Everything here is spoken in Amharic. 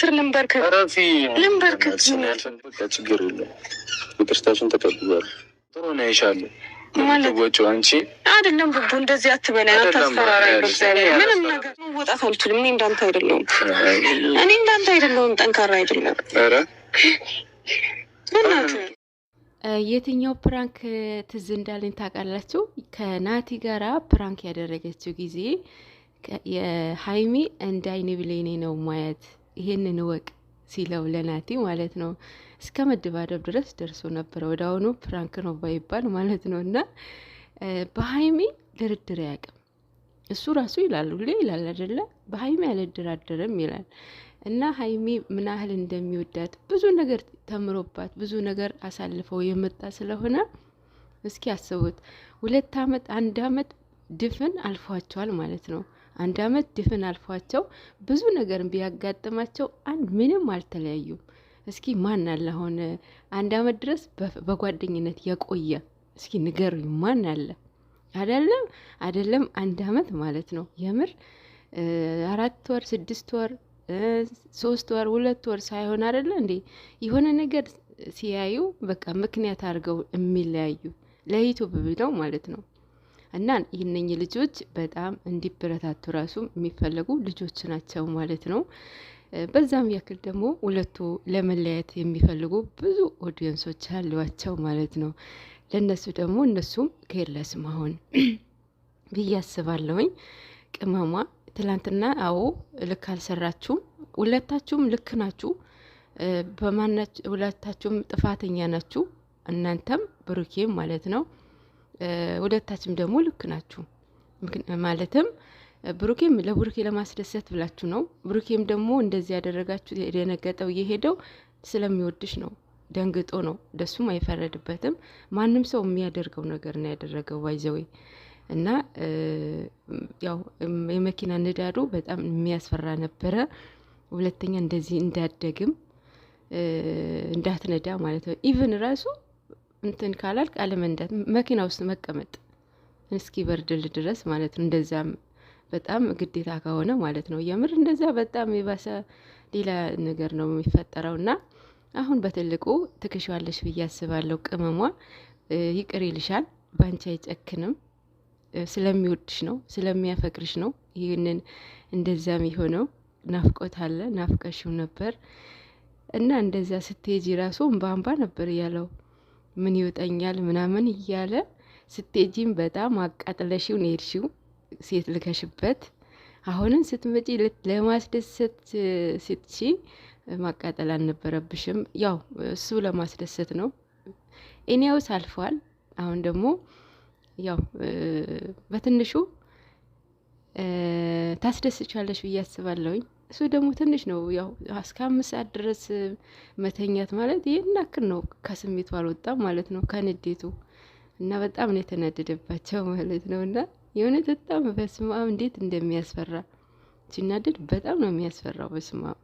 ስር ልንበርክክ ልንበርክክ ችግር የለም። ይቅርታችን ተቀብሏል። ጥሩ ነው ይሻለ ወጪ አንቺ አይደለም ብቡ እንደዚህ አትበለን፣ አታስፈራራ። ምንም ነገር መወጣት አልችልም። እኔ እንዳንተ አይደለሁም። እኔ እንዳንተ አይደለሁም። ጠንካራ አይደለም። የትኛው ፕራንክ ትዝ እንዳለኝ ታውቃላችሁ? ከናቲ ጋራ ፕራንክ ያደረገችው ጊዜ የሀይሚ እንደ አይኔ ብሌኔ ነው ማየት ይሄንን እወቅ ሲለው ለናቲ ማለት ነው። እስከ መደባደብ ድረስ ደርሶ ነበረ። ወደ አሁኑ ፕራንክ ነው ባይባል ማለት ነው። እና በሀይሚ ድርድር አያውቅም እሱ ራሱ ይላል፣ ሁሌ ይላል አይደለ? በሀይሚ አልደራደርም ይላል። እና ሀይሚ ምን ያህል እንደሚወዳት ብዙ ነገር ተምሮባት ብዙ ነገር አሳልፈው የመጣ ስለሆነ እስኪ አስቡት፣ ሁለት አመት አንድ አመት ድፍን አልፏቸዋል ማለት ነው። አንድ አመት ድፍን አልፏቸው ብዙ ነገር ቢያጋጥማቸው አንድ ምንም አልተለያዩም። እስኪ ማን አለ አሁን አንድ አመት ድረስ በጓደኝነት የቆየ እስኪ ንገሩኝ፣ ማን አለ? አይደለም አይደለም አንድ አመት ማለት ነው የምር አራት ወር ስድስት ወር ሶስት ወር ሁለት ወር ሳይሆን አይደለ እንዴ የሆነ ነገር ሲያዩ በቃ ምክንያት አድርገው የሚለያዩ ለይቱ ብለው ማለት ነው። እና ይህነኝ ልጆች በጣም እንዲበረታቱ ራሱ የሚፈለጉ ልጆች ናቸው ማለት ነው። በዛም ያክል ደግሞ ሁለቱ ለመለያየት የሚፈልጉ ብዙ ኦዲየንሶች አሏቸው ማለት ነው። ለእነሱ ደግሞ እነሱም ኬርለስ መሆን ብዬ አስባለሁኝ። ቅመሟ ትላንትና አዎ ልክ አልሰራችሁም፣ ሁለታችሁም ልክ ናችሁ። በማናችሁ ሁለታችሁም ጥፋተኛ ናችሁ፣ እናንተም ብሩኬም ማለት ነው። ሁለታችም ደግሞ ልክ ናችሁ። ማለትም ብሩኬም ለብሩኬ ለማስደሰት ብላችሁ ነው። ብሩኬም ደግሞ እንደዚህ ያደረጋችሁ የደነገጠው እየሄደው ስለሚወድሽ ነው። ደንግጦ ነው። ደሱም አይፈረድበትም። ማንም ሰው የሚያደርገው ነገር ነው ያደረገው ባይዘዌ እና ያው የመኪና ንዳዱ በጣም የሚያስፈራ ነበረ። ሁለተኛ እንደዚህ እንዳደግም እንዳትነዳ ማለት ነው ኢቨን ራሱ እንትን ካላልክ አለመንዳት፣ መኪና ውስጥ መቀመጥ እስኪ በርድል ድረስ ማለት ነው። እንደዚያም በጣም ግዴታ ከሆነ ማለት ነው። የምር እንደዚያ በጣም የባሰ ሌላ ነገር ነው የሚፈጠረው። እና አሁን በትልቁ ትክሻዋለሽ ብዬ አስባለሁ። ቅመሟ ይቅር ይልሻል፣ ባንቺ አይጨክንም። ስለሚወድሽ ነው፣ ስለሚያፈቅርሽ ነው። ይህንን እንደዚያም የሆነው ናፍቆት አለ፣ ናፍቀሽው ነበር እና እንደዛ ስትሄጂ ራሱ እምባ እምባ ነበር ያለው። ምን ይውጠኛል ምናምን እያለ ስቴጂም በጣም አቃጥለሽው ነው ሴት ልከሽበት። አሁንም ስትመጪ ለማስደሰት ስትሺ ማቃጠል አልነበረብሽም። ያው እሱ ለማስደሰት ነው። እኔውስ አልፏል። አሁን ደግሞ ያው በትንሹ ታስደስቻለሽ ብዬ አስባለሁኝ። እሱ ደግሞ ትንሽ ነው። ያው እስከ አምስት ሰዓት ድረስ መተኛት ማለት ይህን ያክል ነው። ከስሜቱ አልወጣም ማለት ነው ከንዴቱ እና በጣም ነው የተናደደባቸው ማለት ነው። እና የእውነት በጣም በስማም እንዴት እንደሚያስፈራ ሲናደድ በጣም ነው የሚያስፈራው በስማም